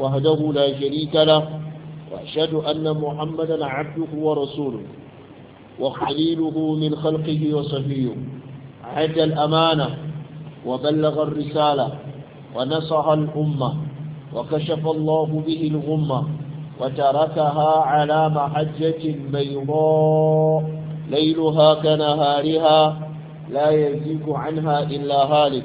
وحده لا شريك له وأشهد أن محمدا عبده ورسوله وخليله من خلقه وصفيه عد الأمانة وبلغ الرسالة ونصح الأمة وكشف الله به الغمة وتركها على محجة بيضاء ليلها كنهارها لا يزيك عنها إلا هالك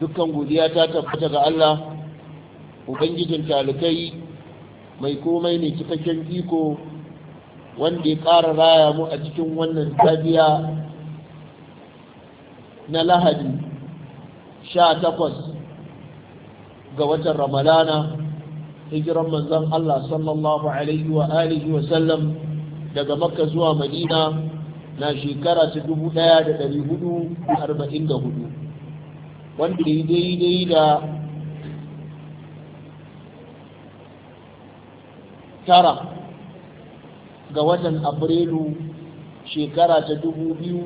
dukkan godiya ta tabbata ga Allah ubangijin talikai mai komai ne cikakken iko wanda ya ƙara raya mu a cikin wannan safiya na lahadi sha takwas ga watan Ramadana, hijiran manzon Allah sallallahu alaihi wa alihi wa sallam daga makka zuwa madina na shekara ta dubu ɗaya da ɗari hudu arba'in da hudu wanda ya daidai da tara ga watan afrilu shekara ta dubu biyu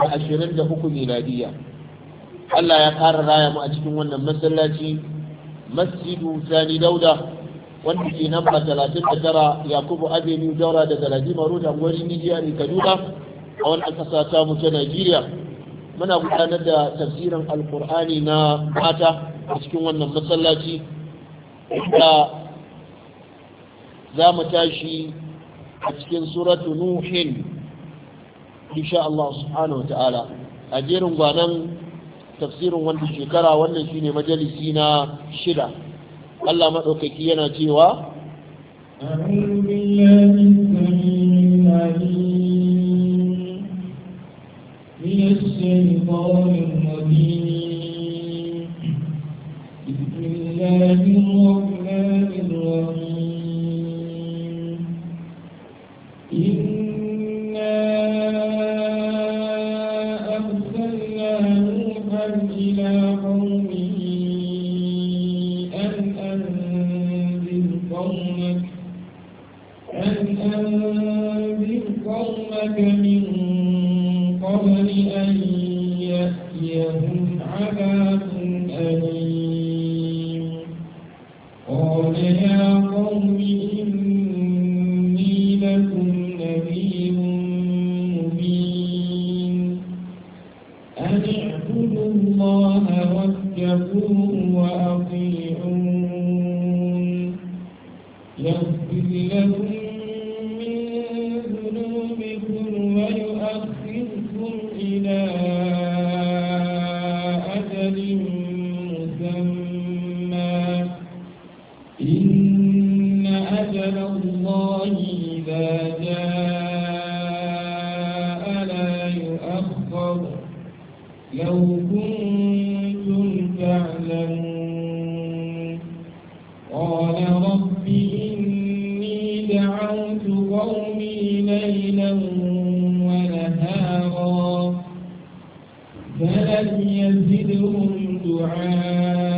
da ashirin da uku miladiya Allah ya kara raya mu a cikin wannan masallaci masjidu sani dauda wanda ke namba talatin da tara yakubu avenue daura daga ladima road angwari nijiya ne kaduna a wannan kasa ta mu ta najeriya muna gudanar da tafsirin alkur'ani na mata a cikin wannan masallaci da za mu tashi a cikin suratu nuhin insha Allah subhanahu ta'ala a jerin gwanan tafsirin wannan shekara wannan shine majalisi na shida Allah maɗaukaki yana cewa أعوذ بالله الشيطان الرجيم بسم الله الرحمن الرحيم إنا أرسلنا نوحا إلى قومه أن أنذر قومك أن أنذر قومك عذاب أليم قال يا قوم إني لكم نذير مبين أن الله يغفر لكم من ذنوبكم ويؤخركم إلى أجل الله إذا جاء لا يؤخر لو كنتم تعلمون قال رب إني دعوت قومي ليلا ونهارا فلم يزدهم دعائي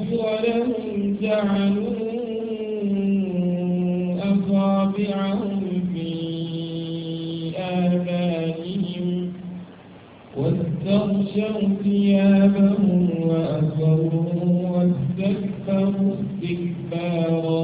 ولهم جعلوا أصابعهم في آذانهم واستغشوا ثيابهم وأسروا واستكبروا استكبارا